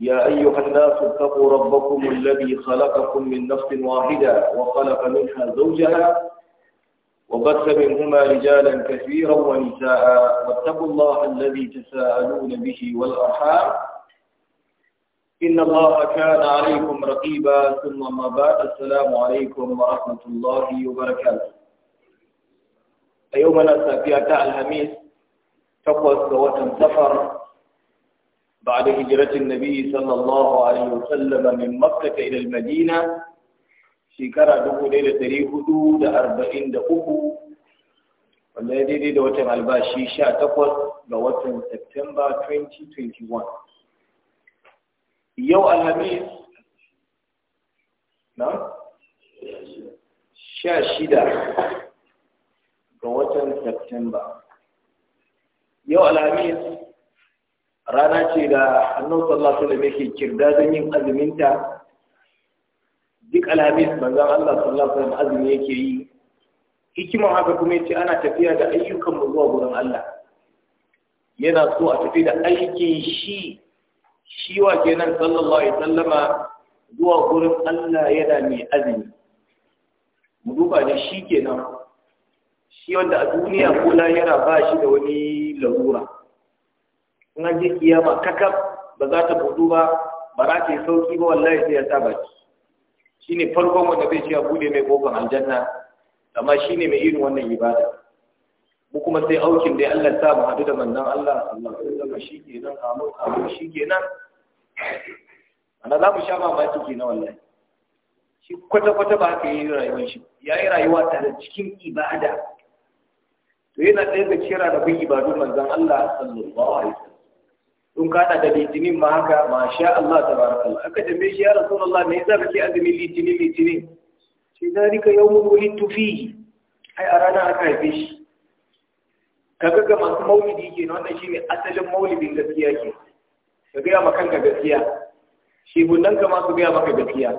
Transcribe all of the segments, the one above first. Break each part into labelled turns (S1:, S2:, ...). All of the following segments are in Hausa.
S1: يا أيها الناس اتقوا ربكم الذي خلقكم من نفس واحدة وخلق منها زوجها وبث منهما رجالا كثيرا ونساء واتقوا الله الذي تساءلون به والأرحام إن الله كان عليكم رقيبا ثم ما بعد السلام عليكم ورحمة الله وبركاته يومنا سافية الهميس تقوى سوة سفر بعد هجرة النبي صلى الله عليه وسلم من مكة إلى المدينة شكرا دقو ليلة تريه دود أربعين دقو والذي دي دوتم الباشي شاء تقوى دوتم سبتمبر 2021 يو الهميس نعم sha shida ga watan Septemba. Yau Alhamis rana ce da annabi sallallahu alaihi wasallam yake don yin azuminta. duk alhamis manzon Allah sallallahu alaihi azumi yake yi hikimar haka kuma ce ana tafiya da ayyukan mu zuwa gurin Allah yana so a tafi da aikin shi shi wa kenan sallallahu alaihi wasallama zuwa gurin Allah yana mai azumi mu duba da shi kenan shi wanda a duniya kula yana ba shi da wani larura in an je kiyama kakaf ba za ta budu ba ba za ta yi sauki ba wallahi sai ya sa baki ne farkon wanda bai ce a bude mai kofar aljanna amma shi ne mai irin wannan ibada mu kuma sai aukin dai Allah sa mu haɗu da manzon Allah sallallahu alaihi wasallam shikenan amin amin shikenan ana za mu sha mamaki ke na wallahi shi kwata-kwata ba haka yi rayuwar shi ya yi rayuwa tare cikin ibada to yana ɗaya da cera da bin ibadun manzan Allah sallallahu alaihi wasallam sun kada da litinin ma haka ma sha Allah tabarakallah aka tambaye shi ya rasulullah me yasa kake azumin litinin litinin shi zalika yawmun wulidtu fihi ai a ranar aka haife shi kaga ga masu maulidi ke wannan shine asalin maulidin gaskiya ke ka gaya ma kanka gaskiya shi bunnan ka ma su gaya maka gaskiya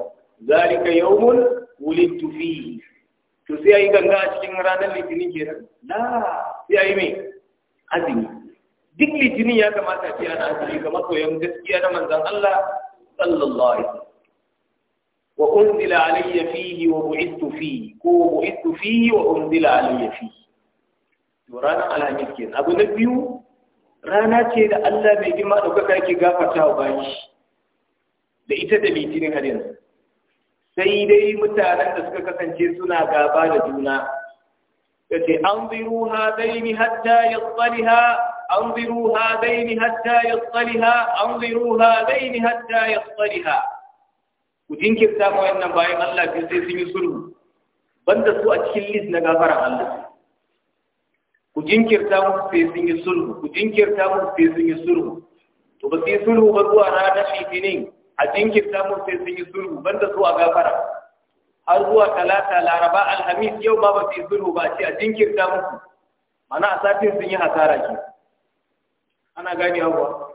S1: zalika yawmun wulidtu fihi to sai ayi ganga a cikin ranar litinin kenan la sai ayi me. azumi duk litinin ya kamata ce ana asiri ga masoyan gaskiya na manzan Allah sallallahu alaihi wa unzila alayya fihi wa bu'ithu fihi ko bu'ithu fihi wa unzila alayya fihi to ranar alhamis ke abu na biyu rana ce da Allah mai girma ɗaukaka yake gafarta wa bayan shi da ita da litinin har yanzu sai dai mutanen da suka kasance suna gaba da juna da ce an biru ha zaini hatta ya tsariha انظروا هذين حتى يصلها انظروا هذين حتى يصلها ودين كيرتا ما ان باي الله في زي سمي سرو بند سو ا cikin list na gafaran Allah ku jinkirta mu sai sun yi sulhu ku jinkirta mu sai sun yi sulhu to ba sai sulhu ba zuwa na nafi tinin a jinkirta mu sai sun yi sulhu da su a gafara har zuwa talata laraba alhamis yau ba ba sai sulhu ba ce a jinkirta mu mana a satin sun yi hasara ke ana gane hawa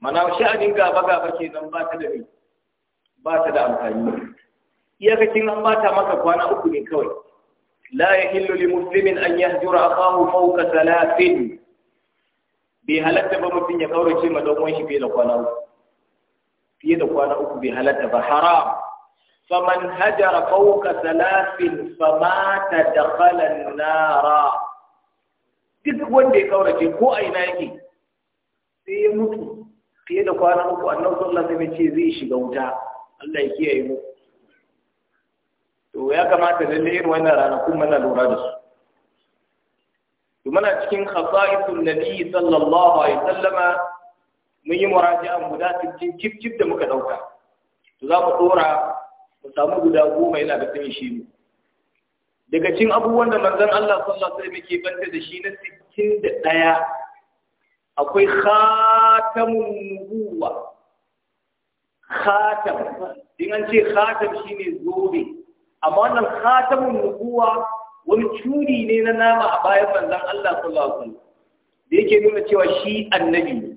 S1: mana sha'anin gaba gaba ke zan ba ta da ni ba ta da amfani iyakacin an ba ta maka kwana uku ne kawai لا يحل لمسلم ان يهجر اخاه فوق ثلاث بهلته بمتين يا كوره شي مدوكون شي بيد كوانا في يد كوانا اوكو بهلته بحرام فمن هجر فوق ثلاث فما تدخل النار ديك وين دي كوره شي كو اينا يكي sai ya mutu fiye da kwana uku annan sallallahu alaihi mace zai shiga wuta Allah ya kiyaye mu to ya kamata lalle irin wannan ranakun mana lura da su to muna cikin khasa'isul nabi sallallahu alaihi wasallama mun yi muraji'an guda 60 cikin cip da muka dauka to za mu dora mu samu guda goma yana da tun shi mu daga cikin abubuwan da manzon Allah sallallahu alaihi wasallam yake banta da shi na 61 akwai khatamun nubuwa khatam in an ce khatam shine zobe amma wannan khatamun nubuwa wani curi ne na nama a bayan manzon Allah sallallahu alaihi wasallam da yake nuna cewa shi annabi ne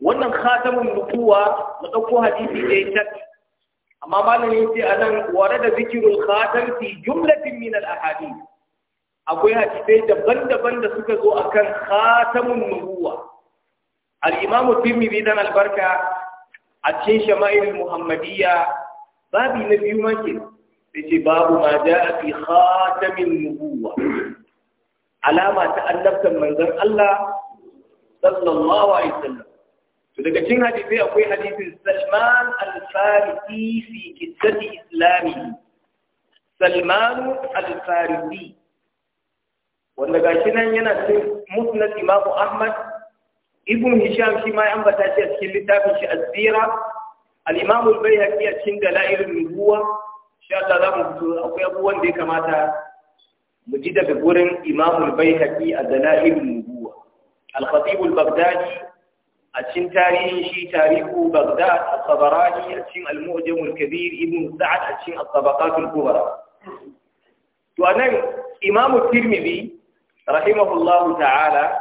S1: wannan khatamun nubuwa na dauko hadisi da ya amma malamin yace anan da zikrul khatam fi jumlatin min al ahadith akwai hadisai daban-daban da suka zo akan khatamun nubuwa al-imam tirmidhi dan albarka a cikin shama'il muhammadiyya Babu na biyu ma ke ce babu ma jaa fi khatamin nubuwa alama ta annabtan manzon Allah sallallahu alaihi wasallam to daga cikin hadisai akwai hadisin Salman al-Farisi fi kitab islami Salman al-Farisi wanda gashi nan yana cikin musnad imamu ahmad ibn hisham shi ma ya ambata shi a cikin littafin shi az-zira al-imamu al-baihaqi a cikin dalailun nubuwa insha Allah za mu fito akwai abubuwan da ya kamata mu ji daga gurin imamu al-baihaqi a dalailun nubuwa al-khatib al-baghdadi a cikin tarihin shi tarihu baghdad al sabarani a cikin al-mu'jam al-kabir ibn sa'ad a cikin al-tabaqat al-kubra to anan imamu tirmidhi rahimahullahu ta'ala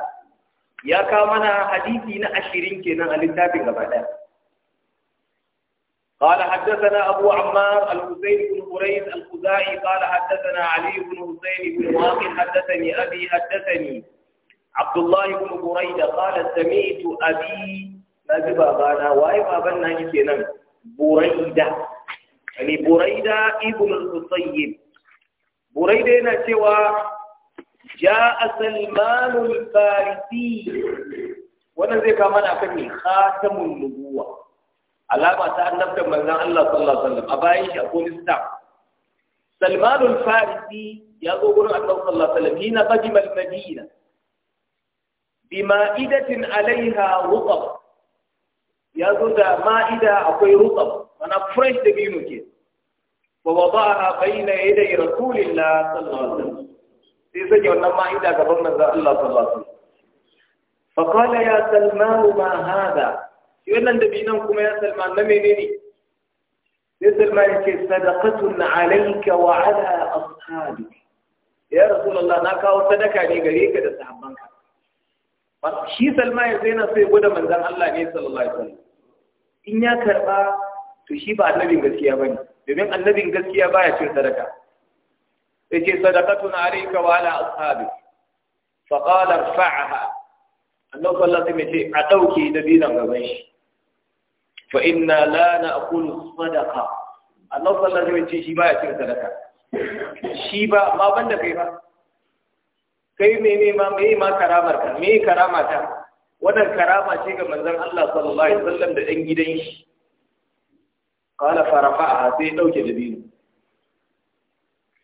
S1: ya kawo mana hadisi na ashirin kenan a littafin gaba ɗaya قال حدثنا أبو عمار الحسين بن هريث الخزاعي قال حدثنا علي بن حسين بن واقي حدثني أبي حدثني عبد الله بن بريدة قال سمعت أبي ما جبا غانا واي ما بنا يكينا بريدة يعني بريدة ابن الحسين بريدة نتوى ja'a asalmanu farisi wannan zai kama na kan ne khatamun nubuwa alama ta annabtar manzon Allah sallallahu alaihi wasallam a bayan shi akwai lista salmanul farisi ya zo gurin Allah sallallahu alaihi wasallam hina qadima bima'idatin alaiha rutab ya zo da ma'ida akwai rutab mana fresh da binu ke fa wada'aha bayna yaday rasulillah sallallahu alaihi wasallam sai sanya wannan ma'ida gaban manzon Allah sallallahu alaihi wasallam fa qala ya salmanu ma hada shi wannan binan kuma ya salman na menene sai salman ya ce sadaqatun alayka wa ala ashabik ya rasulullah na kawo sadaka ne gare ka da sahabbanka shi salman ya zaina sai gwada manzon Allah ne sallallahu alaihi wasallam in ya karba to shi ba annabin gaskiya bane domin annabin gaskiya baya cin sadaka yace sadaqatun alayka wa ala ashabi fa qala irfa'ha annabi sallallahu a dauke dabinan gaban shi fa inna la na'kulu sadaqa annabi sallallahu alaihi shi baya cin sadaka shi ba ma kai ba kai me ma me ma karamar ka me karama ta wannan karama ce ga manzon Allah sallallahu alaihi wasallam da dan gidan shi qala farafa'aha sai dauke dabino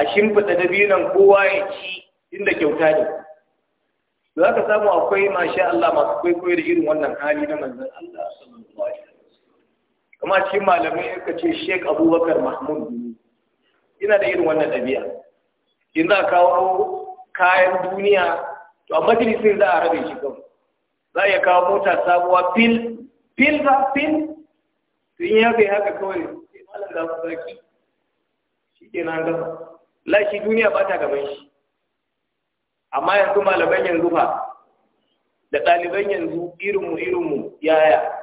S1: a shimfiɗa dabinan kowa ya ci inda kyauta ne za ka samu akwai masha Allah masu kwaikwayo da irin wannan hali na manzan Allah sallallahu alaihi kama cikin malamai aka ce Sheikh Abubakar Mahmud ina da irin wannan ɗabi'a in za a kawo kayan duniya to a majalisin za a rabe shi kan za a iya kawo mota sabuwa fil fil ba fil to in ya kai haka kawai sai malam za su zaki shi ke nan gaba lashi duniya ba ta gaban shi amma yanzu malaman yanzu fa da ɗaliban yanzu irinmu irinmu yaya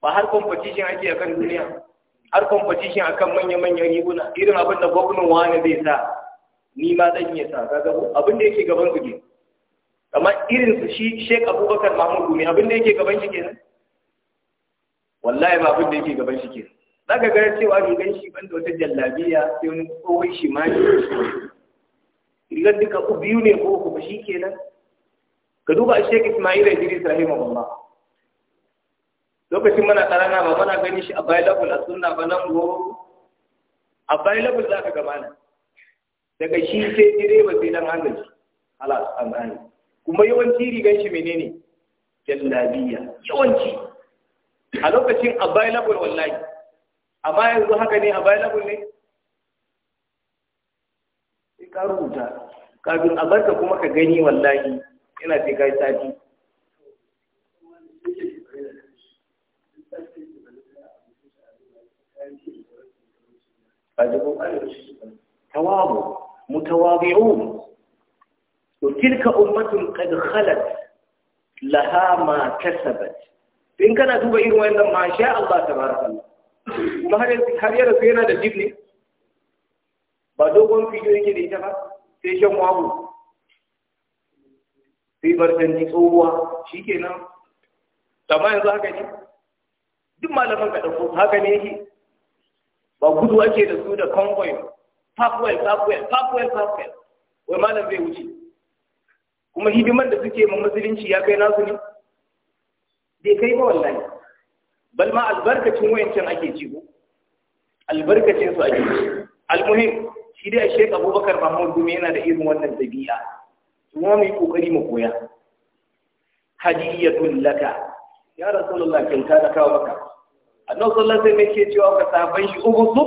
S1: ba har competition ake a kan duniya har competition a kan manya-manyan riguna irin abin da gwamnan wani zai sa ni ma zan iya sa ka gabo abin da yake gaban su ne amma irin su shi shek Abubakar Mahmud Gumi abin da yake gaban shi kenan wallahi ba abin da yake gaban shi kenan za ka gara cewa rigar shi banda wata jallabiya sai wani tsohon shi ma rigar duka ku biyu ne ko ku ba shi kenan ka duba a shek ismail da idris rahimahullah lokacin mana karana ba mana gani shi a available a suna ba nan bayan labul za ka gabana daga shi sai ba sai dan hanzari halas an gane kuma yawanci rigar shi menene jallabiya yawanci a lokacin labul wallahi amma yanzu haka ne a available ne sai ka rubuta kafin a barka kuma ka gani wallahi yana sai kai sati tawabu mutawabi'un to tilka ummatun qad khalat laha ma kasabat in kana duba irin wannan ma sha Allah tabaraka kuma har yara su yana da jib ba dogon fito yake da ita ba sai shan wago sai barkanci tsohuwa shi ke nan. amma yanzu haka ne duk malaman ka ɗauko haka ne yake ba gudu ake da su da convoy parkwell parkwell parkwell parkwell wai malam bai wuce kuma hidiman da suke ma musulunci ya kai nasu ne bai kai ba wallahi bal ma albarkacin wayancin ake ci ko albarkacin su ake ci almuhim shi dai Sheikh Abubakar Mahmud Gumi yana da irin wannan dabi'a kuma mu yi kokari mu koya hadiyatul laka ya rasulullah kin ka kawo maka annabi sallallahu alaihi wasallam yake cewa ka saban shi ubudu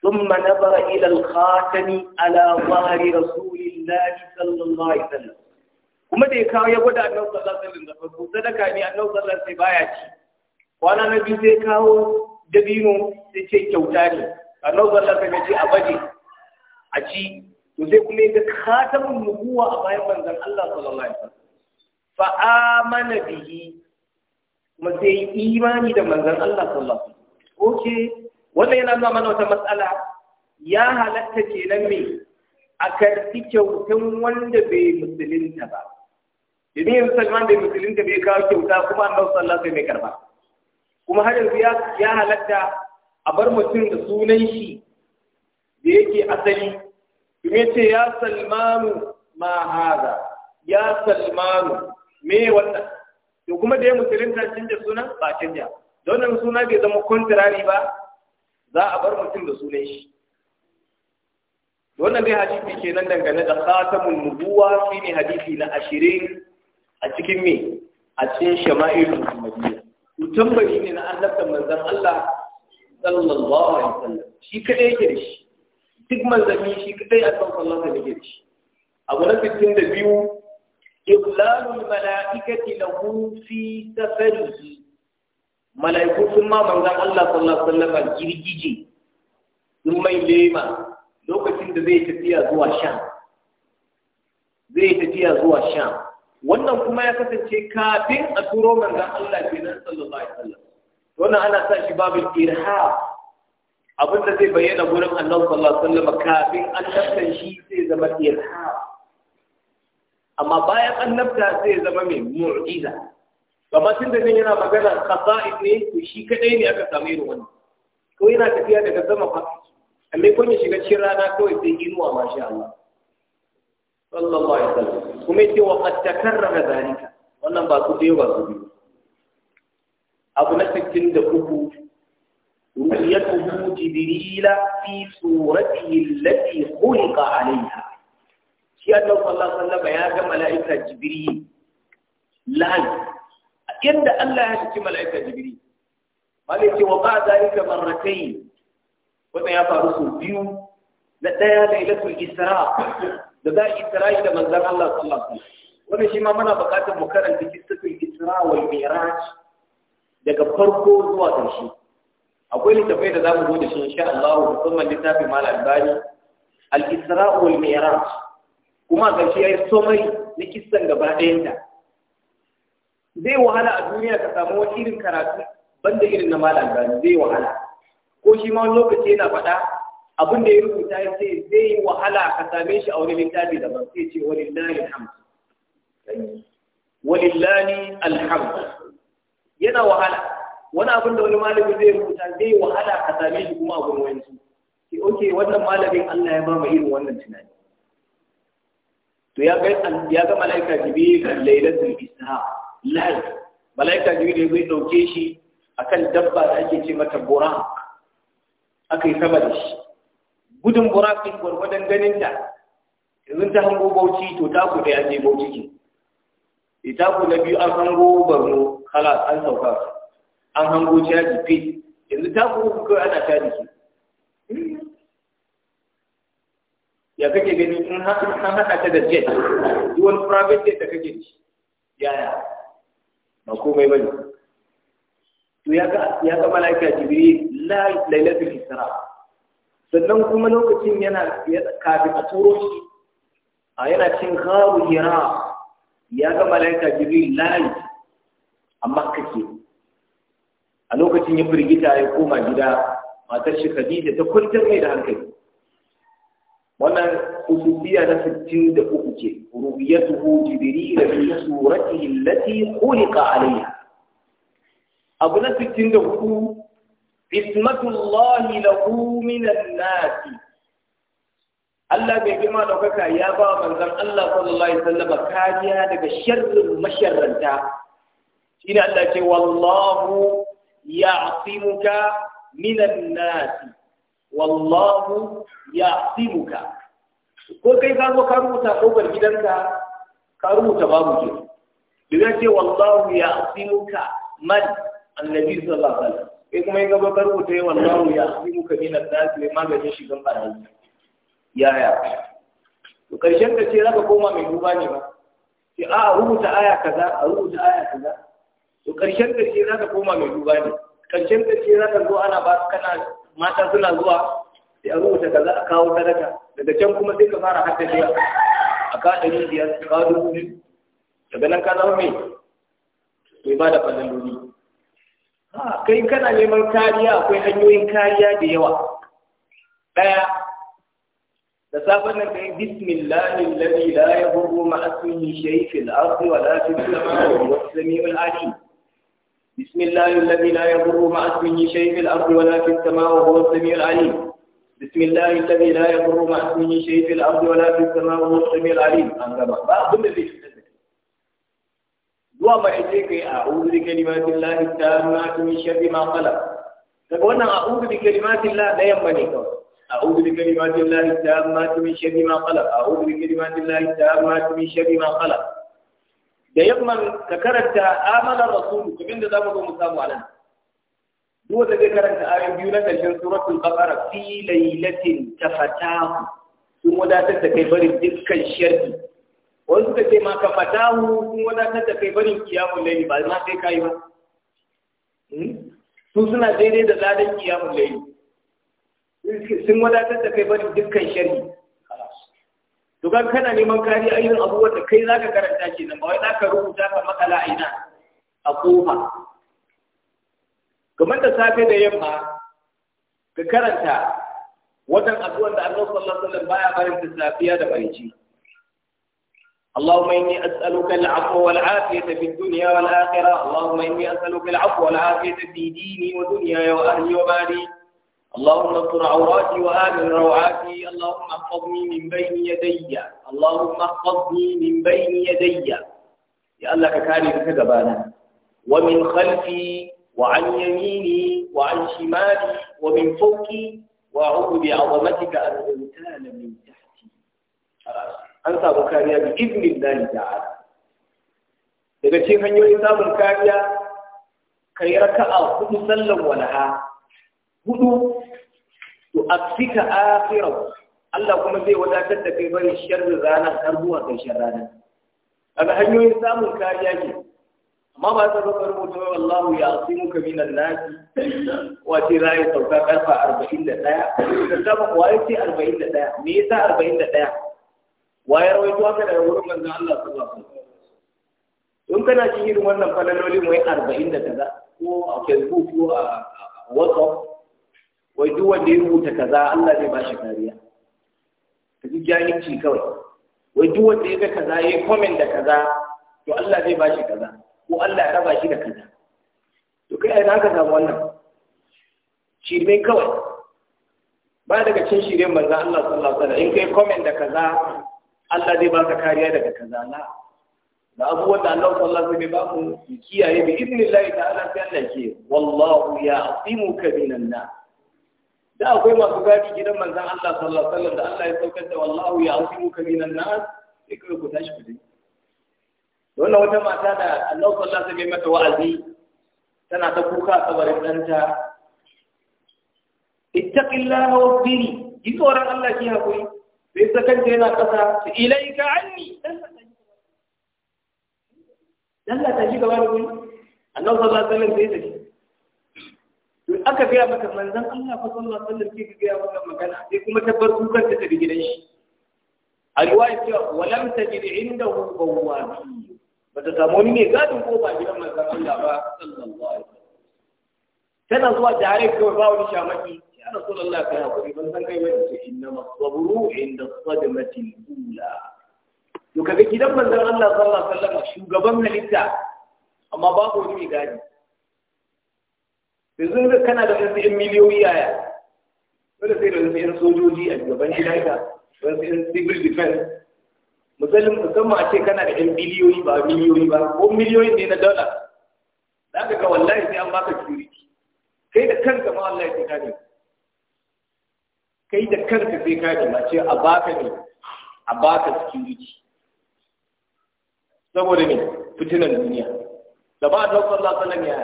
S1: thumma nazara ila al-khatami ala dhahri rasulillahi sallallahu alaihi wasallam kuma da ya kawo ya gwada annabi sallallahu alaihi wasallam da farko sadaka ne annabi sallallahu alaihi wasallam baya ci kwana na biyu sai kawo dabino sai ce kyauta ne annabi sallallahu alaihi wasallam ya ce a baje a ci to sai kuma ya katamun nubuwa a bayan manzon Allah sallallahu alaihi wasallam fa amana bihi kuma sai imani da manzon Allah sallallahu alaihi wasallam okay wannan yana nuna mana wata matsala ya halatta kenan me a karfi kyautan wanda bai musulunta ba Jami'in yanzu salman musulun da bai kawo kyauta kuma annabi sallallahu sai mai karba kuma har yanzu ya halatta a bar mutum da sunan shi da yake asali domin ce ya salmanu ma haza ya salmanu me wannan to kuma da ya ta canja suna ba canja don suna bai zama kontrari ba za a bar mutum da sunan shi wannan dai hadisi kenan dangane da khatamun nubuwa shine hadisi na ashirin a cikin me a cikin shama'ilul muhammadiyya to tambari ne na annabtan manzon Allah sallallahu alaihi wasallam shi kadai yake da shi duk manzanni shi kadai a kan sallallahu alaihi wasallam yake da shi abu na 62 iblalul mala'ikati lahu fi safarihi mala'iku sun ma manzan Allah sallallahu alaihi wasallam girgije sun mai lema lokacin da zai tafiya zuwa sham zai tafiya zuwa sham wannan kuma ya kasance kafin a turo manzon Allah nan, sallallahu alaihi wasallam wannan ana sa shi Babu irha abin da zai bayyana gurin annabi sallallahu alaihi wasallam kafin an tafsan shi zai zama irha amma bayan an nafta zai zama mai mu'jiza amma tun da yana magana qasa'id ne to shi kadai ne aka samu irin wannan ko yana tafiya daga sama fa amma kun ya shiga cikin rana kawai sai inuwa masha Allah sallallahu alaihi wasallam kuma yace wa qad takarrara zalika wannan ba su biyu ba su biyu abu na 63 ru'yatuhu jibrila fi suratihi allati khuliqa alaiha shi Allah sallallahu alaihi wasallam ya ga mala'ika jibril lahi yadda Allah ya shi mala'ika jibril malai ce wa ba zalika marratayn wannan ya faru sau biyu na daya lailatul isra da za a yi isra'i da manzan Allah sallallahu alaihi wasallam wannan shi ma muna buƙatar mu karanta kitabul isra wal mi'raj daga farko zuwa ƙarshe akwai littafai da za mu zo da shi insha Allah musamman littafin mal albani al isra wal mi'raj kuma ƙarshe yayi somai na kissan gaba ɗayan ta zai wahala a duniya ka samu wani irin karatu banda irin na mal albani zai wahala ko shi ma wani lokaci yana faɗa abin da ya rubuta ya ce zai yi wahala ka same shi a wani littafi da ban sai ce walillahi alhamd walillahi alhamd yana wahala wani abin da wani malami zai rubuta zai yi wahala ka same shi kuma abin wani sai oke wannan malamin Allah ya ba mu irin wannan tunani to ya ga ya ga malaika jibril lailatul isra live malaika jibril zai dauke shi akan dabba da ake ce mata burak akai sama da shi gudun burafin gwargwadon ganinta yanzu ta hango bauchi to taku ɗaya an je bauchi ke ita e, ku na biyu an hango barno kala an sauka an hango caji fi yanzu ta ku kawai ana caji ke ya kake gani in an haɗa ta da jet duwan private jet da kake ci yaya ba komai ba ne to ya ga mala'ika jibril la lailatul isra sannan kuma lokacin yana kafin a turo shi a yana cin haru hira ya ga malaika jibril layi a makka ke a lokacin ya firgita ya koma gida matar shi khadija ta kwantar mai da hankali wannan usubiya na 63 ce rubiyatuhu jibril min suratihi allati khuliqa alayha abu na 64 ismatullahi lahu minan nasi Allah bai girma ɗaukaka ya ba manzon Allah sallallahu alaihi wasallam kariya daga sharrin masharranta Shi Allah ce wallahu ya'simuka minan nasi wallahu ya'simuka ko kai ka zo ka rubuta kofar gidanka ka rubuta babu ke da ce wallahu asimuka man annabi sallallahu alaihi wasallam kai kuma in gaba kar wuta yawan lawo ya fi muka mina nasi shi maganin shigan barayi yaya to karshen ka ce zaka koma mai duba ne ba sai a rubuta aya kaza a rubuta aya kaza to karshen ka ce zaka koma mai duba ne karshen ka ce zaka zo ana ba kana mata suna zuwa sai a rubuta kaza a kawo sadaka daga can kuma sai ka fara haddace a ka ɗari biyar ka dubu biyu daga nan ka zama mai mai ba da fallon duniya kai kana neman kariya akwai hanyoyin kariya da yawa ɗaya da safan nan kai bismillahil ladhi la yadurru ma ismihi shay'un fil ardi wa la wa huwa samiul alim bismillahil ladhi la yadurru ma ismihi shay'un fil ardi wa la fis samai wa huwa samiul alim bismillahil ladhi la yadurru ma wa la fis zuwa ma'aikai kai a uzu da kalimatin lahi ta mati min sharri ma khalaq daga wannan a uzu da kalimatin lahi na yamma ne kawai أعوذ بكلمات الله التامات من شر ما خلق أعوذ بكلمات الله التامات من شر ما خلق da yamman ka karanta amalar rasulu kamin da zamu zo mu samu anan duk wanda zai karanta ayoyin biyu na karshen suratul baqara fi lailatin tafatahu sun wadatar da kai barin dukkan sharri wani suka ce ma fata hukun wadatar da kai barin kiyamun laili ba ma sai kayi ba hmm? su suna daidai da ladan kiyamun laili sun wadatar da kai barin dukkan shari to kan kana neman kariya irin abubuwan da kai zaka karanta nan, ba wai zaka rubuta ka makala a ina a kofa kamar da safe da yamma ka karanta wannan abubuwan da Allah sallallahu alaihi wasallam baya barin safiya da barci اللهم إني أسألك العفو والعافية في الدنيا والآخرة اللهم إني أسألك العفو والعافية في ديني ودنياي وأهلي ومالي اللهم انصر عوراتي وآمن روعاتي اللهم احفظني من بين يدي اللهم احفظني من بين يدي يا الله ككاري كذبانا ومن خلفي وعن يميني وعن شمالي ومن فوقي وأعوذ بعظمتك أن أغتال من تحتي an samu kariya bi izinin lahi ta'ala daga cikin hanyoyin samun kariya ka yi raka'a hudu sallan walaha hudu to afika akhirah Allah kuma zai wadatar da kai bari sharri ranar har zuwa ƙarshen ranar Daga hanyoyin samun kariya ke amma ba ta zama rubuta wa Allah ya asimu ka minan nasi wace za ya sauka karfa 41 da ta kama waye ce 41 me yasa 41 waye rawaito haka da wurin manzon Allah sallallahu alaihi wasallam in kana cikin irin wannan falalolin mai arba'in da kaza ko a facebook ko a whatsapp wai duk wanda ya rubuta kaza Allah zai shi kariya ka ji jahilci kawai wai duk wanda ya ga kaza ya yi comment da kaza to Allah zai shi kaza ko Allah ya raba shi da kaza to kai ai ka samu wannan shirme kawai ba daga cin shirin manzo Allah sallallahu alaihi wasallam in kai comment da kaza Allah zai baka kariya daga kaza na da abubuwan da Allah sallallahu alaihi wasallam ba mu kiyaye bi idnillahi ta'ala sai Allah ke wallahu ya'timuka minan na. da akwai masu gadi gidan manzon Allah sallallahu alaihi wasallam da Allah ya saukar da wallahu ya'timuka minan na, sai kai ku tashi ku dai wannan wata mata da Allah sallallahu alaihi wasallam mata wa'azi tana ta kuka a kabarin danta ittaqillaha wasbiri ki tsoron Allah ki hakuri sai sakanta yana ƙasa ta ka anni dan la ta shi gaba da guri annabi sallallahu alaihi wasallam sai ta to aka gaya maka manzon Allah fa sallallahu alaihi wasallam ke gaya maka magana sai kuma tabbar kukan ta gidan shi a riwaya cewa walam tajid indahu bawwabi bata samu wani gadin ko ba gidan manzon Allah ba sallallahu alaihi
S2: wasallam tana zuwa tare kawai
S1: ba wani shamaki ya rasulullah kai hakuri ban san kai bai ce inna masabru inda sadmati ula to kaga gidan manzon Allah sallallahu alaihi shugaban halitta amma babu wani mai gadi yanzu da kana da wasu yan miliyoyi yaya dole sai da wasu yan sojoji a civil musamman a ce kana da yan biliyoyi ba miliyoyi ba ko miliyoyin ne na dala za ka ga wallahi sai an baka security kai da kanka ma wallahi sai ka ne kai da kanka sai ka yi ce a baka ne a baka security saboda ne fitinan duniya da ba da sallah nan ya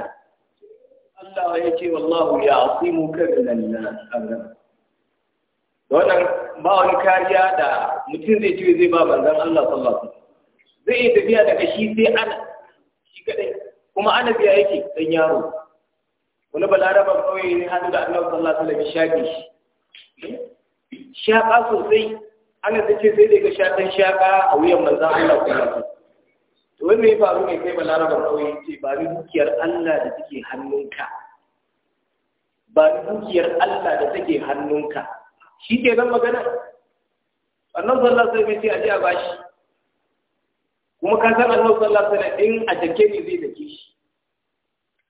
S1: Allah ya ce wallahu ya nan na nas Da wannan ba wani kariya da mutum zai ce zai ba manzon Allah sallallahu alaihi zai yi tafiya daga shi sai ana shi kadai kuma ana biya yake dan yaro wani balaraban kauye ne hannu da Allah sallallahu alaihi wasallam ya shafe shi shaƙa sosai ana ta ce sai da ga shaƙan shaƙa a wuyan manzan Allah kuma to wai mai faru mai kai sai ba kawai ce ba ni dukiyar Allah da take hannunka ba ni dukiyar Allah da take hannunka shi ke nan magana annan sallah sai mai ce a ji a bashi kuma ka san annan sallah sai in a jake ne zai dake shi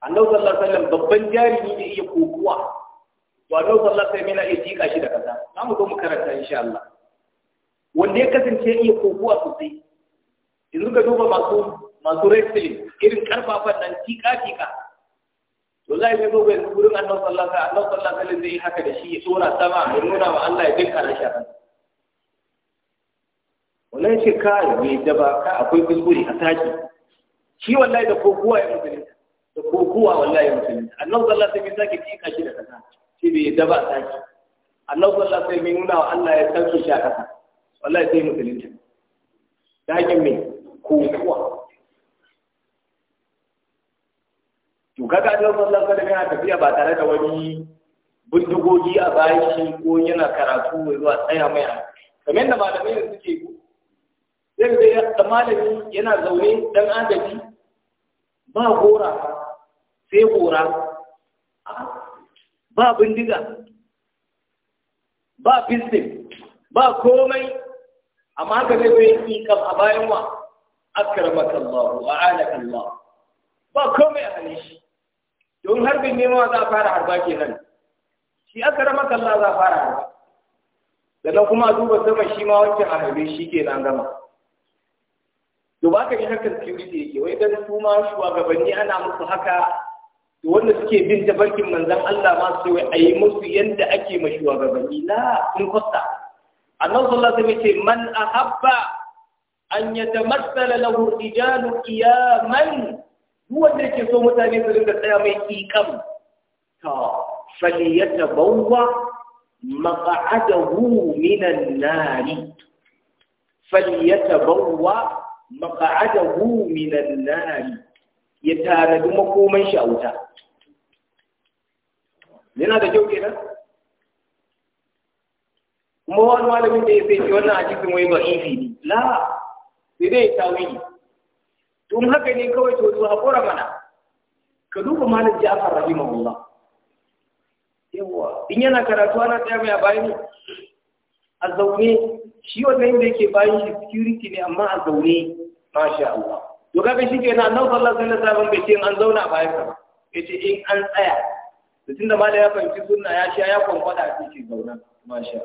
S1: annan sallah sallah babban jari ne iya kokuwa wato sallallahu sai mina iya jiƙa shi da kaza za mu zo mu karanta insha Allah wanda ya kasance iya a sosai yanzu ka duba masu masu wrestling irin karfafan nan tika tika to zai ga zo bai wurin annabi sallallahu alaihi wasallam sallallahu alaihi wasallam zai haka da shi ya tsora sama ya nuna wa Allah ya dinka na shakan wannan shi ka yi da ba ka akwai kuskure a taki shi wallahi da kokuwa ya musulunta da kokuwa wallahi ya musulunta annan sallallahu sai wasallam sake tika shi da kaza shi bai yi daba a tashi annabi sallallahu alaihi wasallam nuna wa Allah ya sauke shi a ƙasa. wallahi sai musulunci dakin me kokuwa to ka ga sallallahu alaihi wasallam yana tafiya ba tare da wani bindigogi a bayan shi ko yana karatu mai zuwa tsaya mai a kamar da malamai da suke ku zai da da malami yana zaune dan adadi ba gora sai gora ba bindiga ba fistin ba komai amma ka zai zai yi kam a bayan wa akramaka Allah wa anaka Allah ba komai a hannun shi don harbin nema za a fara harba kenan shi akramaka Allah za a fara harba sannan kuma duba sama shi ma wancan a harbe shi nan gama to ba ka yi hakan security yake wai dan su ma shugabanni ana musu haka to wanda suke bin tafarkin manzan Allah ma su yi ayi musu yadda ake ma shugabanni la sun kosta annabi sallallahu alaihi wasallam ce man ahabba an yatamassala lahu rijalu qiyaman duk wanda ke so mutane su rinka tsaya mai kikam to falyatabawwa maq'adahu minan nari minan nari ya tanadi makoman shi a wuta yana da kyau kenan kuma wani malamin da ya sai ce wannan hadisin wai ba'ifi ne la sai dai tawili tun haka ne kawai to su hakura mana ka duba malam Ja'far rahimahullah yawa in yana karatu ana tsaya mai a bayan a zaune shi wannan da yake bayan shi security ne amma a zaune masha Allah to kaga shi na annabi sallallahu alaihi wasallam bai ce an zauna a bayan ka ba yace in an tsaya to da mala ya fahimci sunna ya sha ya kwankwada a cikin zauna masha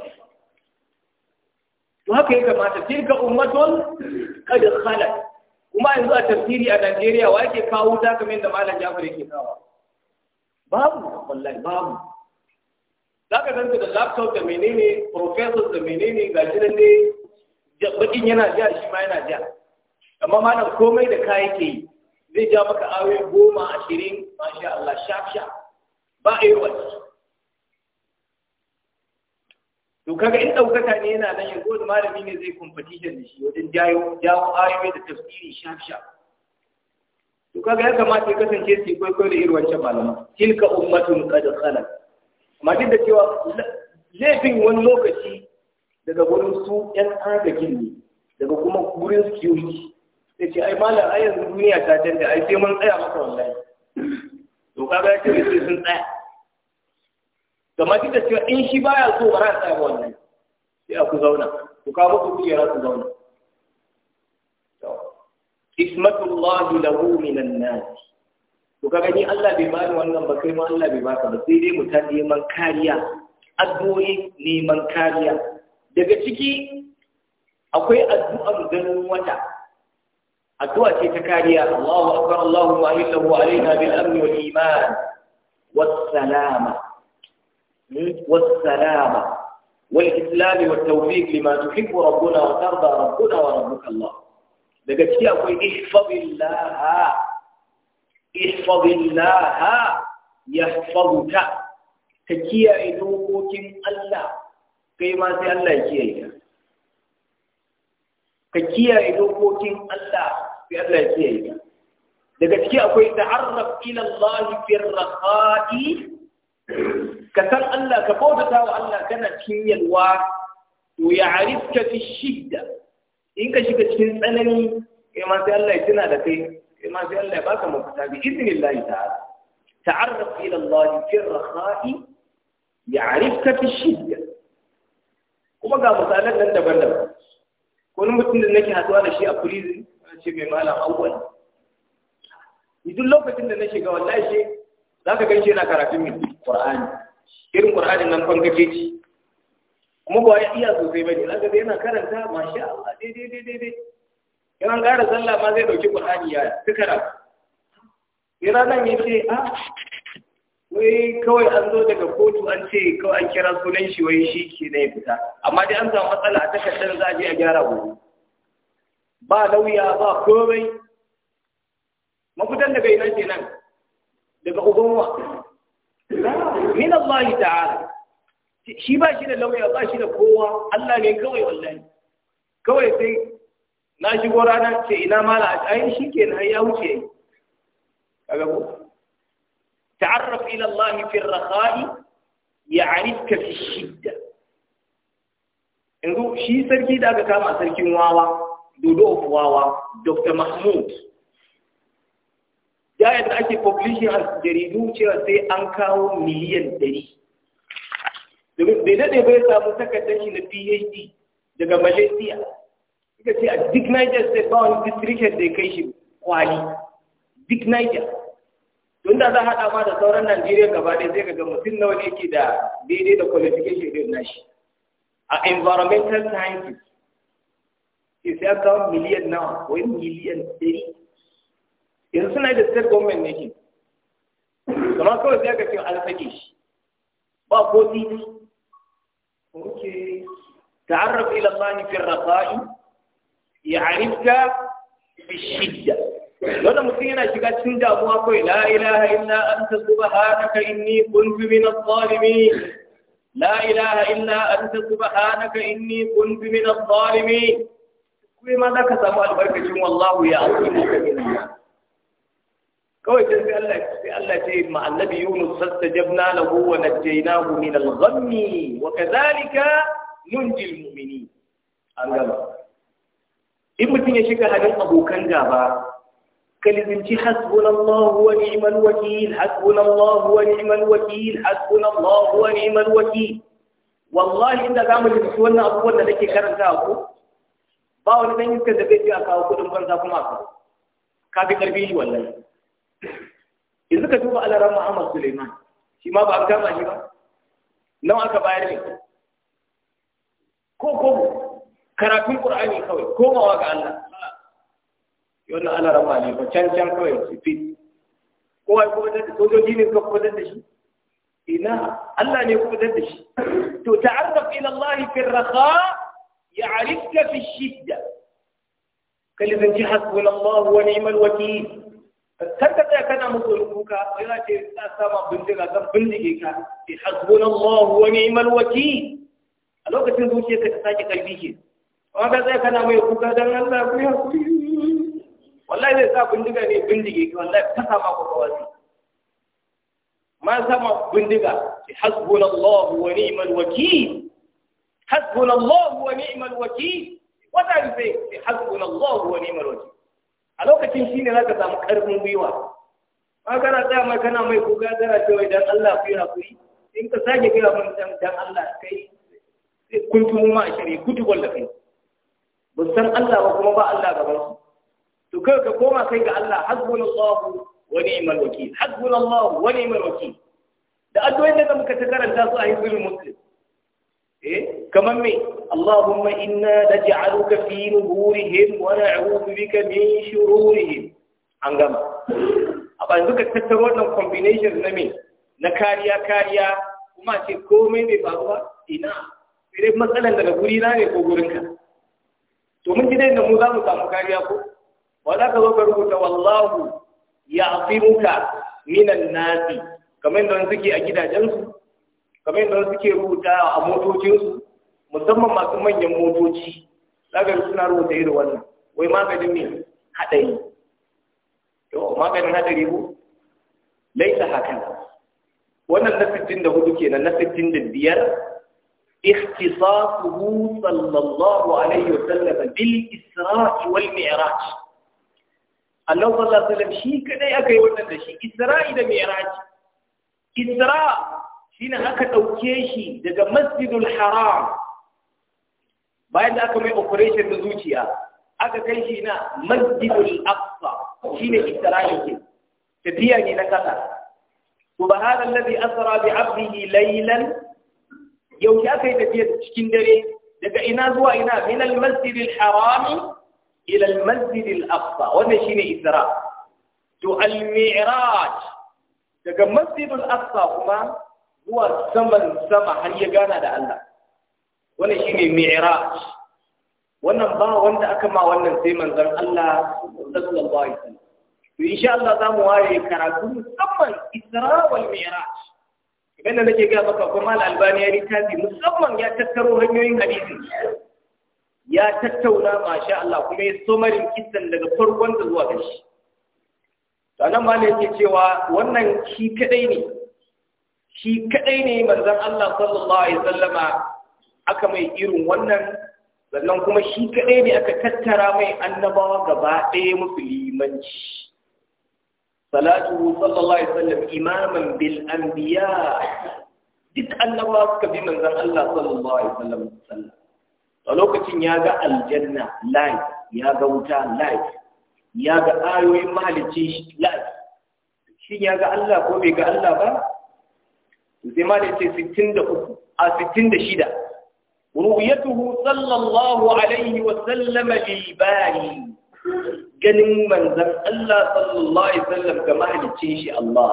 S1: to haka ya kamata tilka ummatun kada khala kuma yanzu a tafsiri a Najeriya wa yake kawo ta kamar da malam Jafar yake kawo babu wallahi babu zaka danta da laptop da menene professor da menene ga shi ne bakin yana ja shi ma yana ja amma malam komai da kai yake yi zai ja maka awe goma ashirin masha Allah shaf sha. ba a yi wani to kaga in ɗaukaka ne yana nan yanzu wani malami ne zai competition da shi wajen jawo jawo ayoyi da tafsiri shaf shaf to kaga ya kamata ya kasance su kwaikwayo da irin wancan malama tilka ummatun qad khalat amma duk da cewa laifin wani lokaci daga wurin su yan agajin ne daga kuma gurin security sai ce ai malam ai yanzu duniya ta canza ai sai mun tsaya maka wallahi to kaga ya ce sai sun tsaya kamar duk da cewa in shi baya so ba ran tsaya wannan sai a ku zauna ku kawo ku kujera ku zauna ismatullah lahu minan nas ku ka gani Allah bai bani wannan ba kai ma Allah bai baka ba sai dai mu ta neman kariya addu'o'i neman kariya daga ciki akwai addu'ar ganin wata addu'a ce ta kariya Allahu akbar Allahumma wa illahu alaina bil amni wal iman was salama والسلامة والإسلام والتوفيق لما تحب ربنا وترضى ربنا وربك الله لقد في احفظ الله احفظ الله يحفظك تكيا إدوكوك الله كيما سي الله يكيا تكيا إدوكوك الله في الله يكيا لقد في تعرف إلى الله في الرخاء ka san Allah ka bautata wa Allah kana cikin yalwa to ya harifka fi shidda in ka shiga cikin tsanani kai ma sai Allah ya tuna da kai kai ma sai Allah ya baka mafita bi izini idnillahi ta'ala ta'arraf ila Allah fi rakhai ya'rifka fi shidda kuma ga misalan nan daban-daban wani mutum da nake haɗuwa da shi a prison ana ce mai malam awwal ni duk lokacin da na shiga wallahi shi za ka zaka ganshi yana karatun ƙur'ani. irin ƙur'anin nan fankake ci kuma ba ya iya sosai ba ne zaka ga yana karanta masha Allah daidai daidai dai yana ƙara zalla ma zai ɗauki ƙur'ani ya tukara yana nan ya ce a ah, wai kawai an zo daga kotu an ce kawai an kira sunan shi wai shi ke na ya fita amma dai an samu matsala a takardar za a je a gyara gobe ba lauya ba komai mafitan daga ina nan. daga ubanwa من الله تعالى شي باشي لو يا باشي لكوا الله ني كوي والله كوي سي ناجي غورانا شي انا مالا اي شي كين هيا وشي تعرف الى الله في الرخاء يعرفك في الشده انو شي سركي داك كما سركين واوا دودو واوا دكتور محمود yi da ake publishing a jaridu cewa sai an kawo miliyan ɗari domin bai daɗe bai samu takardar shi na phd daga malaysia suka ce a duk niger state ba wani district da ya kai shi kwali duk niger don da za a haɗa ma da sauran najeriya gaba ɗaya sai ga mutum nawa ne ke da daidai da qualification ɗin nashi a environmental sciences sai an kawo miliyan nawa wani miliyan ɗari yanzu suna da state government ne ke kuma kawai sai aka ce an sake shi ba ko titi oke ta'arraf ila Allah fi rafa'i ya'rifka bi shidda wanda mutum yana shiga cikin damuwa kawai la ilaha illa anta subhanaka inni kuntu min adh-dhalimin la ilaha illa anta subhanaka inni kuntu min adh-dhalimin kuma ma zaka samu albarkacin wallahu ya azimu ka min كويس sai Allah sai Allah ce ma annabi Yunus fastajabna lahu wa najaynahu min al-ghammi wa kadhalika nunjil mu'minin an gama in mutum ya shiga كلمتي حسبنا الله ونعم الوكيل حسبنا الله ونعم الوكيل حسبنا الله ونعم الوكيل والله إذا قام الجنس وانا أبو وانا لكي كرن تاكو باو لدن يسكن دبيت يا أكاو كل مبان تاكو ماكو كابي قلبي والله in suka duba alaran Muhammad Suleiman shi ma ba a kama shi ba nan aka bayar ne ko ko karatun Qur'ani kawai komawa ga Allah yana alaran ma ne ba can can kawai su fit kowa ya kuma da sojoji ne ko kuma da shi ina Allah ne ko da shi to ta'arraf ila Allah fi ar-raqa ya'rifka fi ash-shidda kalizanci hasbunallahu wa ni'mal wakeel kar ka tsaya kana musu kuka yana ce ina sama bindiga zan bindige ka bi hasbunallahu wa ni'mal wakil a lokacin zuciya ka ta sake karfi ke amma ka tsaya kana mai kuka dan Allah ku ya wallahi zai sa bindiga ne bindige ka wallahi ta sama ku kawai ma sama bindiga bi hasbunallahu wa ni'mal wakil hasbunallahu wa ni'mal wakil wata rufe bi hasbunallahu wa ni'mal wakil a lokacin shi ne za ka samu ƙarfin gwiwa ba kana tsaya mai kana mai kuka tana cewa idan Allah ku yi hakuri in ka sake gaya mun dan dan Allah kai kuntum ma shari kutubul da kai ba san Allah ba kuma ba Allah gaban su to kai ka koma kai ga Allah hasbunallahu wa ni'mal wakil hasbunallahu wa ni'mal wakil da addu'o'in da muka ta karanta su a hizbul muslim eh kamar me Allahumma inna naj'aluka fi nuhurihim wa na'udhu bika min shururihim an gama a ban duka tattaro wannan combination na me na kariya kariya kuma ce komai mai faruwa ina sai dai matsalan daga guri na ne ko gurinka to mun ji dai da mu za mu samu kariya ko wa za ka zo ka rubuta wallahu ya'timuka minan nasi kamar yadda suke a gidajensu kamar yadda suke rubuta a motocinsu musamman masu manyan motoci zaga suna rubuta irin wannan wai maganin ne haɗari to maganin haɗari ko laisa hakan wannan na 64 kenan na 65 ikhtisasuhu sallallahu alaihi wa wasallam bil isra'i wal mi'raj Allah sallallahu alaihi wasallam shi kadai aka wannan da shi isra'i da mi'raj isra shine haka dauke shi daga masjidul haram bayan da aka mai operation na zuciya aka kai shi na masjidul aqsa shine isra'il ke tafiya ne na kasa subhana alladhi asra bi 'abdihi laylan yau aka yi tafiya cikin dare daga ina zuwa ina min al masjid al haram ila al masjid al aqsa wannan shine isra to al mi'raj daga masjid al aqsa kuma zuwa saman sama har ya gana da Allah wannan shine mi'raj wannan ba wanda aka ma wannan sai manzon Allah sallallahu alaihi wasallam to insha Allah mu ware karatu musamman Isra wal Mi'raj kamar da nake ga maka kuma Al-Albani ya rikazi musamman ya tattaro hanyoyin hadisi ya tattauna masha Allah kuma ya somarin kissan daga farkon da zuwa gashi to anan ma yake cewa wannan shi kadai ne shi kadai ne manzon Allah sallallahu alaihi wasallama aka mai irin wannan sannan kuma shi kaɗai ne aka tattara mai annabawa gaba ɗaya musulmanci salatu sallallahu alaihi wasallam imaman bil anbiya duk annabawa suka bi manzon Allah sallallahu alaihi wasallam sallallahu a lokacin ya ga aljanna live ya ga wuta live ya ga ayoyin mahalicci live shin ya ga Allah ko bai ga Allah ba sai ma da ce 63 a 66 ru'yatuhu sallallahu alaihi wa sallam libani ganin manzan Allah sallallahu alaihi wasallam ga mahalicin shi Allah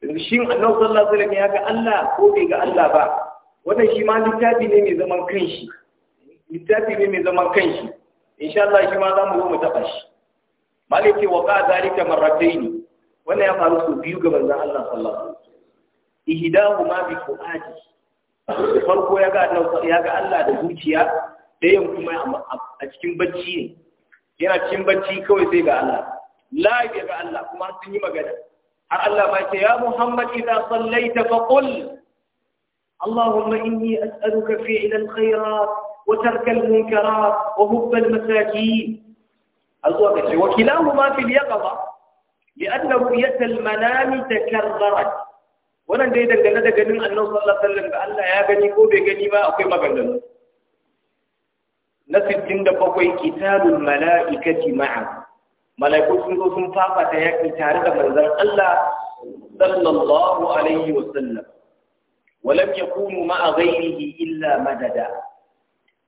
S1: shin annabi sallallahu alaihi wasallam ya ga Allah ko bai ga Allah ba wannan shi ma littafi ne mai zaman kanshi littafi ne mai zaman kanshi insha Allah shi ma zamu zo mu taba shi malike wa qad zalika ne. wannan ya faru sau biyu ga Manzan Allah sallallahu alaihi wasallam ihdahu ma bi fuadi da farko ya ga Allah da zuciya ɗayan kuma a cikin bacci ne yana cikin bacci kawai sai ga Allah la ya ga Allah kuma sun yi magana har Allah ma ce ya Muhammad idza sallaita fa qul اللهم إني أسألك فعل الخيرات وترك المنكرات وهب المساكين الزوجة وكلاهما في اليقظة لأن رؤية المنام تكررت wannan dai dangane da ganin annabi sallallahu sallar da Allah ya gani ko bai gani ba akwai maganganu na bakwai kitabun malaikati ma'a malaiku sun zo sun fafata yaƙi tare da manzon Allah sallallahu alaihi wasallam ولم يكونوا مع غيره a kitabun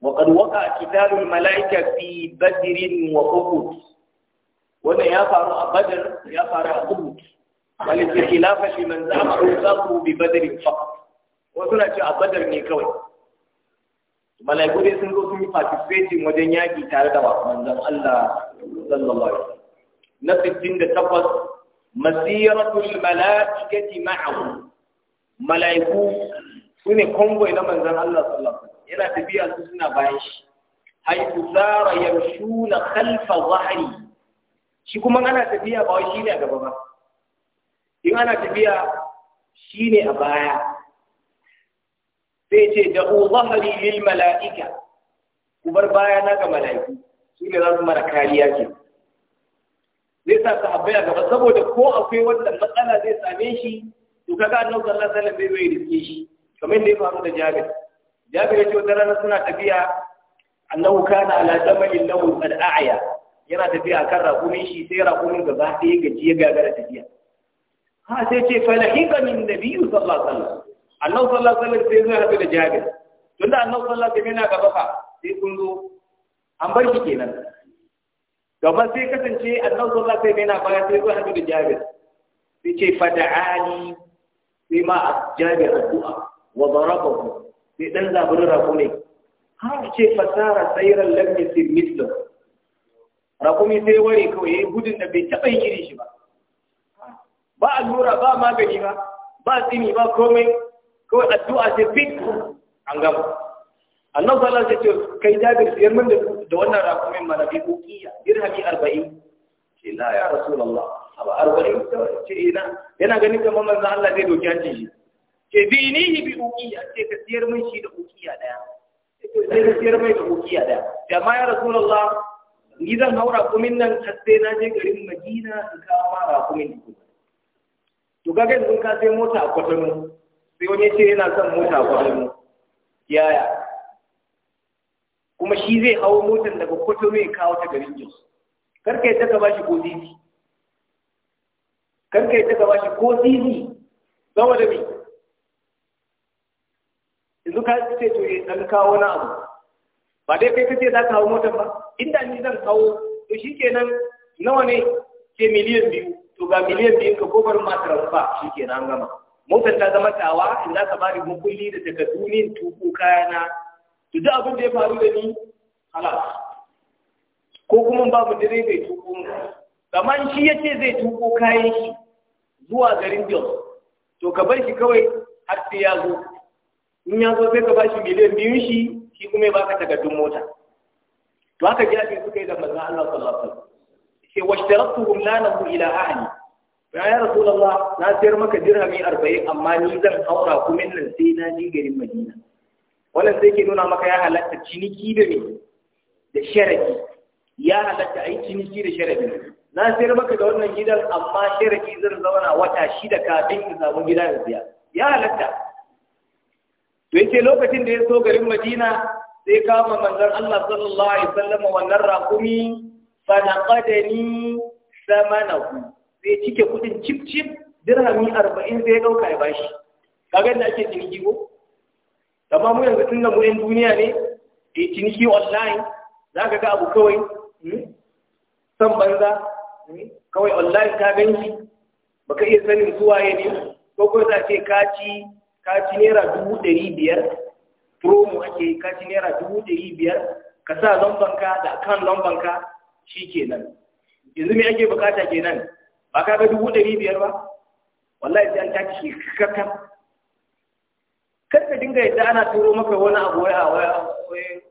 S1: وقد fi قتال الملائكة في بدر ya faru a فارو ya faru a أحد walin khilafa liman zama rusahu bi badrin faqat wasu na ce a badar ne kawai mala'iku dai sun zo sun wajen yaƙi tare da manzon Allah sallallahu alaihi wasallam na 68 masiratul mala'ikati ma'ahu mala'iku sune convoy na manzon Allah sallallahu yana tafiya su suna bayan shi haythu sara yamshuna khalfa dhahri shi kuma ana tafiya ba shi ne a gaba ba in ana tafiya shi ne a baya sai ce da zahari lil mala'ika ku bar baya na ga mala'iku su ne za su mara kariya ke zai sa sahabbai a gaba saboda ko akwai wannan matsala zai same shi to kaga annabi sallallahu alaihi wasallam zai riske shi kamar da ya faru da Jabir Jabir ya ce wata rana suna tafiya annahu kana ala damalin lahu qad a'ya yana tafiya a kan rakumin shi sai rakumin gaba sai ya gaji ya gagara tafiya ha sai ce fa falahiqa min nabiyyu sallallahu alaihi wasallam annabi sallallahu alaihi wasallam sai zai haɗu da jabir da annabi sallallahu alaihi wasallam yana gaba fa sai kun zo an bar shi kenan gaba sai kasance annabi sallallahu alaihi wasallam yana baya sai zai haɗu da jabir sai ce fa fada'ani sai ma jabir addu'a wa darabahu sai dan zaburin rako ne har ce fasara tsairan lam yasir mislu rako sai ware kawai yayi gudun da bai taɓa yi irin shi ba ba allura ba magani ba ba tsini ba komai kawai addu'a ce fit an gama annan sallar ta ce kai jabir siyar min da wannan rakumin mana bi ukiya dirhami arba'in ce la ya rasulallah abu arba'in ce ina yana ganin kamar manzan Allah zai doki a shi Ke bi ni bi ukiya ce ka siyar min shi da ukiya daya sai ka siyar mai da ukiya daya ya ma ya rasulallah ni zan haura kumin nan har sai na je garin Madina in kawo ma rakumin to ga yanzu ka sai mota a kwatano sai wani ce yana son mota a kwatano yaya kuma shi zai hau motar daga kwatano ya kawo ta garin jos karka yadda ka ba shi ko zizi karka yadda ka ba shi ko zizi da me yanzu ka ce to ya dan kawo na abu ba dai kai kace za ka hau motar ba inda ni zan kawo to shi nan, nawa ne ke miliyan biyu to ga miliyan biyu ka ko barin matar ba shi ke nan gama motar ta zama tawa in za ka ba da mukulli da takardu ne tuku kayana to duk abin da ya faru da ni halas ko kuma babu dire bai tuku kamar shi ya ce zai tuƙo kayan shi zuwa garin jos to ka bar shi kawai har sai ya zo in ya zo sai ka ba shi miliyan biyun shi shi kuma ya baka takardun mota to haka jabi suka yi da maza Allah sallallahu alaihi wasallam ke washtaratuhum lanahu ila ahli ya rasulullah na sayar maka dirhami 40 amma ni zan haura kuma nan sai na ji garin madina wannan sai ke nuna maka ya halatta ciniki da me da sharadi ya halatta ai ciniki da sharadi na sayar maka da wannan gidan amma sharadi zan zauna wata shida kafin in samu gida da siya ya halatta to yake lokacin da ya so garin madina sai kama manzon Allah sallallahu alaihi wasallam wannan raƙumi ni sama na ku. sai cike kudin cip cip dirhami arba'in zai ɗauka ya bashi kaga da ake ciniki ko amma mu yanzu da mu yan duniya ne eh ciniki online za ka ga abu kawai san banza kawai online ka ganki ka iya sanin zuwa ya ne ko ko za ce kaci kaci dubu ɗari biyar promo ake kaci nera naira dubu ɗari biyar ka sa lambanka da akan lambanka shi kenan yanzu me ake bukata nan? ba ka ga dubu ɗari biyar ba wallahi sai an tashi shi kakkan kar ka dinga yadda ana turo maka wani abu wai a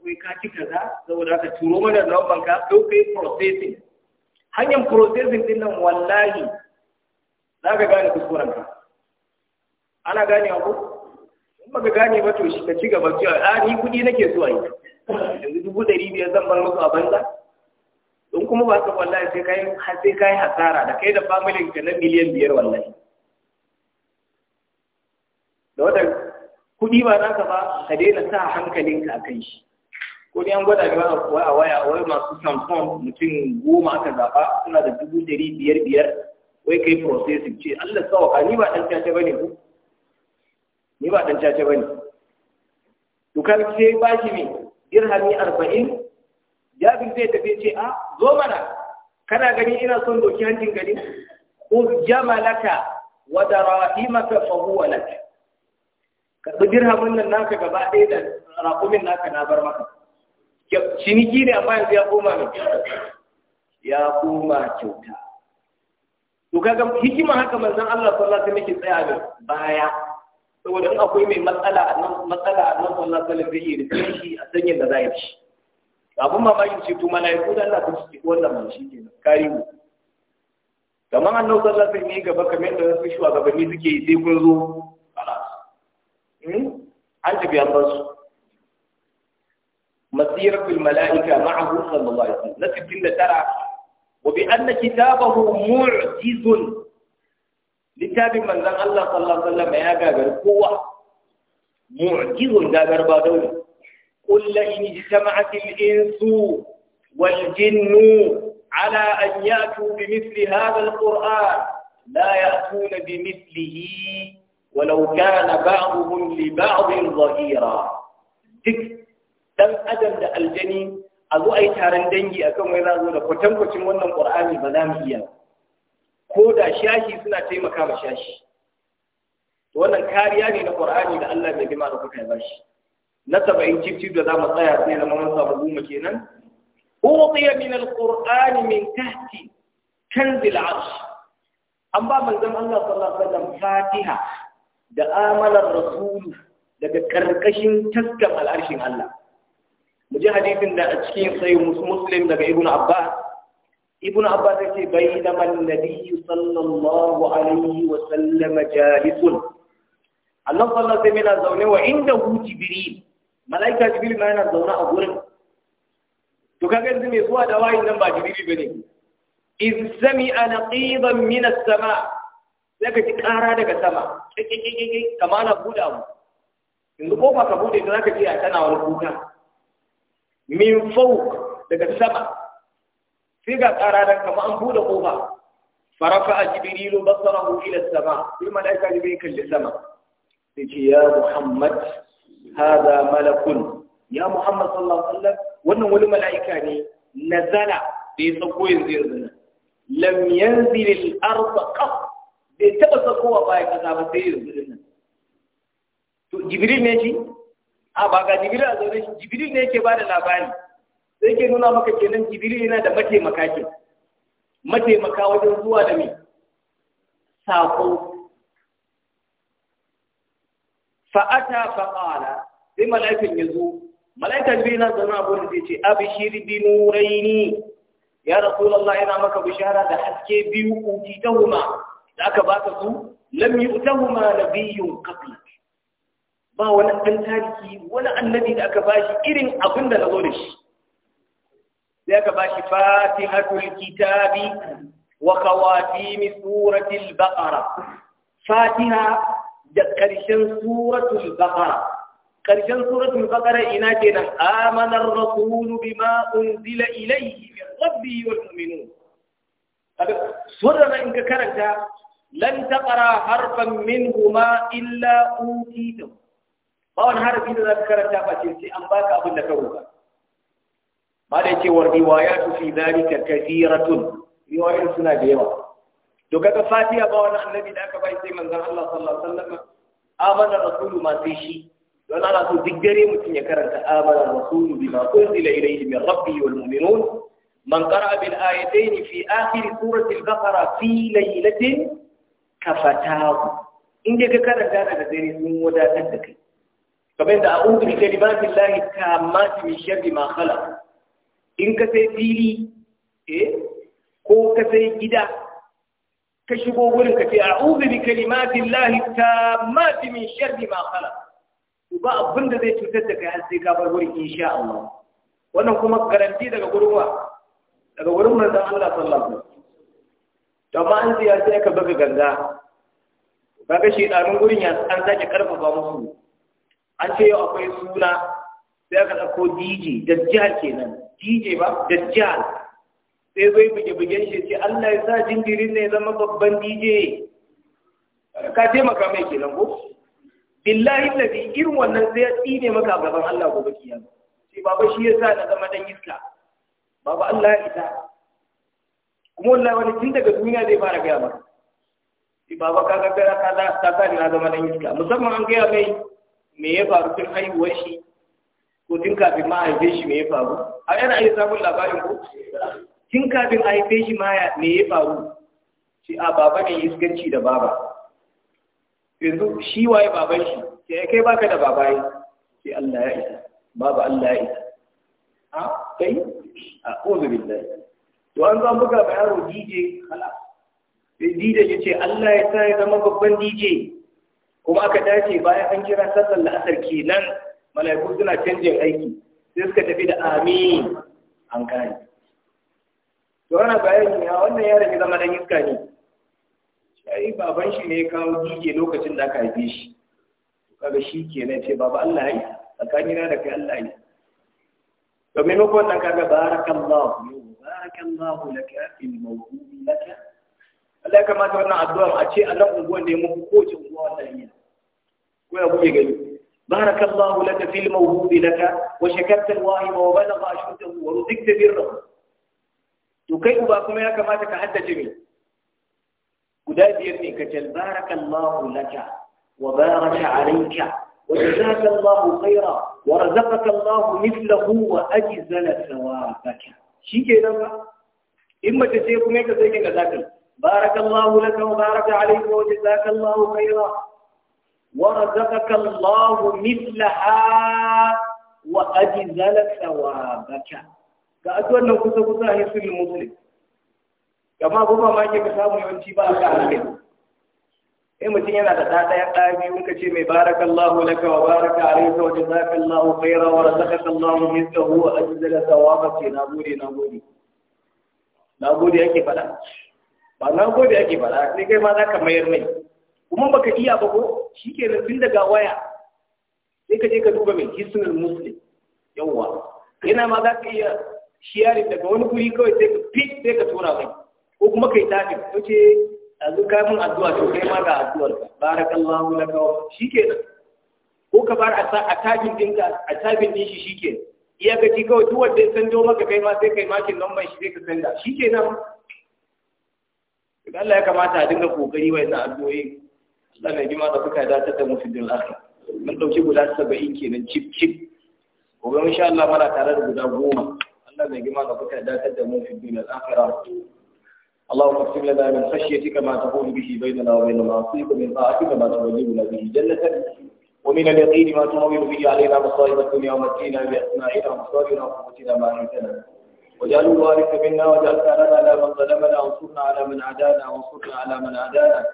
S1: wai ka ci kaza saboda ka turo mana da banka. ka ko kai processing hanyar processing din nan wallahi za ka gane kuskuren ka ana gane abu in ka gane ba to shi ka ci gaba cewa a ah, ni kuɗi nake so a yi yanzu dubu ɗari biyar zan bar maka a banza kuma ba ka wallahi sai kai sai kai hasara da kai da familin ka na miliyan biyar wallahi da wata kuɗi ba naka ba ka daina sa hankalinka a kai shi ko ni an gwada ne wa a waya wai masu samson mutum goma aka zaɓa suna da dubu ɗari biyar biyar wai kai processing ce Allah sawaka ni ba ɗan cace bane ku ni ba ɗan cace bane to kan ce ba shi ne irhami arba'in jabir zai tafi ce a ah, zo mana kana gani ina son doki hancin gani uz jamalaka wa darahimaka fa huwa lak karbi hamun nan naka gaba ɗaya da raƙumin naka na bar maka ciniki ne amma yanzu ya koma ne ya koma kyauta to kaga hikima haka manzon Allah sallallahu alaihi wasallam yake tsaya ga baya saboda in akwai mai matsala a nan matsala a nan sallallahu alaihi wasallam zai yi da shi a sanyin da zai yi abin mamakin ce to malaiku da Allah ta ciki wannan mun shi kenan kare mu kamar annabi sallallahu alaihi wasallam gaba kamar da wasu shugabanni suke yi sai kun zo خلاص hmm? an tafi an basu مسيرة الملائكة معه صلى الله عليه وسلم نسي الجنة ترى وبأن كتابه معجز littafin manzon Allah sallallahu alaihi wasallam ya gagar kowa mu'jizun gagar ba dole قل لئن اجتمعت الإنس والجن على أن يأتوا بمثل هذا القرآن لا يأتون بمثله ولو كان بعضهم لبعض ظهيرا duk ɗan adam da aljani a zo taron dangi a kan wai za zo da kwatankwacin wannan ƙur'ani ba za mu iya ko da shashi suna taimakawa shashi wannan kariya ne na ƙur'ani da Allah bai bima da kuka ya bashi na saba'in cif da za mu tsaya sai zama mun samu goma kenan uqiya min alqur'ani min tahti kanzil arsh an ba manzon Allah sallallahu alaihi wasallam fatiha da amalar rasul daga karkashin taskan al'arshin Allah mu ji hadisin da a cikin sai muslim daga ibnu abbas ibnu abbas yake bayyana annabi sallallahu alaihi wasallam jalisun Allah sallallahu alaihi wasallam zaune wa inda hu jibril malaika jibril ma yana zaune a gurin to kaga yanzu mai zuwa da wayin nan ba jibril bane iz sami'a naqidan min as-sama sai ka ji ƙara daga sama kikikikiki kamar na buɗe abu yanzu kofa ka buɗe ka zaka ji a tana wani kuka min fawq daga sama sai ga kara daga kamar an buɗe kofa فرفع جبريل بصره إلى السماء ثم ملائكة جبريل للسماء ya Muhammad. hada malakun ya muhammad sallallahu alaihi wasallam wannan wani mala'ika ne nazala da ya sako yanzu yanzu nan. lam yanzil al-ard qat bai taba sakowa baya kaza ba sai yanzu nan to jibril ne shi a ba ga jibril a zaune shi jibril ne yake bada labari sai ke nuna maka kenan jibril yana da mataimaka ke mataimaka wajen zuwa da me sako fa qala sai mala'ikan ya zo mala'ikan bai na zama abu da zai ce abishir bi ni. ya rasulullah ina maka bishara da haske biyu huma da aka baka su huma na nabiyyun kafin. ba wani dan tariki wani annabi da aka bashi irin abin da zo da shi sai aka bashi fatihatul kitabi wa khawatim suratul baqara fatiha da karshen suratul baqara karshen suratul baqara ina kenan amanar rasulu bima unzila ilayhi min rabbi wal mu'minun sura in ka karanta lan taqra harfan minhuma illa utita ba wani harfi da zaka karanta ba ce sai an baka abin da ka roƙa ba da yake war riwayatu fi dhalika kathiratun riwayoyin suna da yawa to kaga fatiha ba wani annabi da aka bai sai manzon Allah sallallahu alaihi wasallam amana rasulu ma sai shi لأن الله تجري متنكرا آمن الرسول بما أنزل إليه من ربه والمؤمنون من قرأ بالآيتين في آخر سورة البقرة في ليلة كفتاه إن جاك كان كان لديه من ودا أدك فبين أعوذ بكلمات الله التامات من شر ما خلق إن كسيتي لي إيه؟ كو كسي جدا كشبه أقول كسي أعوذ بكلمات الله التامات من شر ما خلق ba abin da zai cutar da kai sai ka bar gurin insha Allah wannan kuma garanti daga gurin daga gurin manzon Allah sallallahu alaihi wasallam to ba an ziya sai aka baka ganga kaga shi ɗanin gurin ya an sake karfafa musu an ce yau akwai suna sai aka ɗauko DJ dajjal kenan DJ ba dajjal sai zai buge-bugen shi sai Allah ya sa jinjirin ne zama babban DJ ka taimaka mai kenan ko billahi lafi irin wannan sai ya tsine maka gaban Allah gobe kiyama sai baba shi ya sa da zama dan iska baba Allah ya ita kuma wallahi wani tun daga duniya zai fara gaya maka sai baba ka ga gara ka ta sa na zama dan iska musamman an gaya mai me ya faru tun haihuwar shi ko tun kafin ma haife shi me ya faru a yana iya samun labarin ko tun kafin a haife shi ma me ya faru sai a baba ne iskanci da baba yanzu shi waye baban shi sai kai baka da babayi? sai Allah ya isa babu Allah ya isa a kai a uzu billahi to an zo buga ba yaro DJ kala sai DJ ya ce Allah ya sa ya zama babban DJ kuma aka dace bayan an kira sallar la'asar kenan mala'iku suna canjin aiki sai suka tafi da amin an kai to ana bayani ya wannan yaron ya zama dan iska ne Yayi baban shi ne ya kawo gige lokacin da aka haife shi kaga shi kenan ce baba Allah yi na da kai Allah yi
S2: to maimakon nan kaga barakallahu
S1: barakallahu laka fil mawdu'i laka Allah ya kamata wannan addu'a a ce Allah unguwan da ya muku kowace unguwa wannan yi ko ya kuke gani barakallahu laka fil mawdu'i laka wa shakarta alwahi wa balagha ashuddahu wa rudikta birra to kai uba kuma ya kamata ka haddace me guda biyar ne kacal barakallahu laka wa baraka alayka wa jazakallahu khaira wa razaqakallahu mithlahu wa ajzala thawabaka shikenan ba in mace ce kuma ka sai ka zakal barakallahu laka wa baraka alayka wa jazakallahu khaira wa razaqakallahu mithlaha wa ajzala thawabaka ga addu'ar nan kusa kusa hisul muslim Gama ko ma ke ka samu yawanci ba ka hankali sai mutum yana da da ɗaya ɗaya biyu ka ce mai barakallahu laka wa baraka a alayka wa jazakallahu khaira wa razaqaka a rizqahu wa ajzala thawabaka ce gode nagode gode yake fada ba nagode yake fada sai kai ma ka mayar mai kuma ba ka iya ba ko Shi na tun daga waya sai ka je ka duba mai hisnul musulun yawwa yana ma ka iya shiyarin daga wani guri kawai sai ka fit sai ka tura mai ko kuma kai tafi ce yanzu kai mun addu'a to kai ma ga addu'ar ka barakallahu laka shikenan ko ka bar a tabin dinka a tabin din shi shikenan iyakaci kawai duk wanda san sanjo maka kai ma sai kai kin lambar shi sai ka sanda shikenan Allah ya kamata a dinga kokari wa yana addu'o'i Allah ne jima da kuka ta da musu din akhir mun dauki guda 70 kenan chip chip gobe insha Allah mara tare da guda 10 Allah ne jima da kuka ta da musu din akhir اللهم اكتب لنا من خشيتك ما تقول به بيننا وبين معصيك ومن طاعتك ما تبلغنا به جنتك ومن اليقين ما تهون به علينا مصائب الدنيا ومتينا باسماعنا ومصائبنا وقوتنا ما عندنا وجعلوا الوارث منا وجعلنا ثارنا على من ظلمنا وانصرنا على من عادانا وانصرنا على من عادانا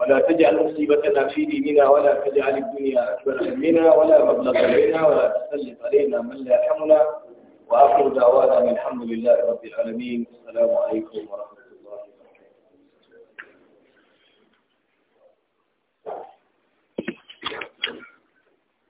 S1: ولا تجعل مصيبتنا في ديننا ولا تجعل الدنيا اكبر همنا ولا مبلغ علينا ولا تسلط علينا من لا يرحمنا واخر دعوانا الحمد لله رب العالمين السلام عليكم ورحمه الله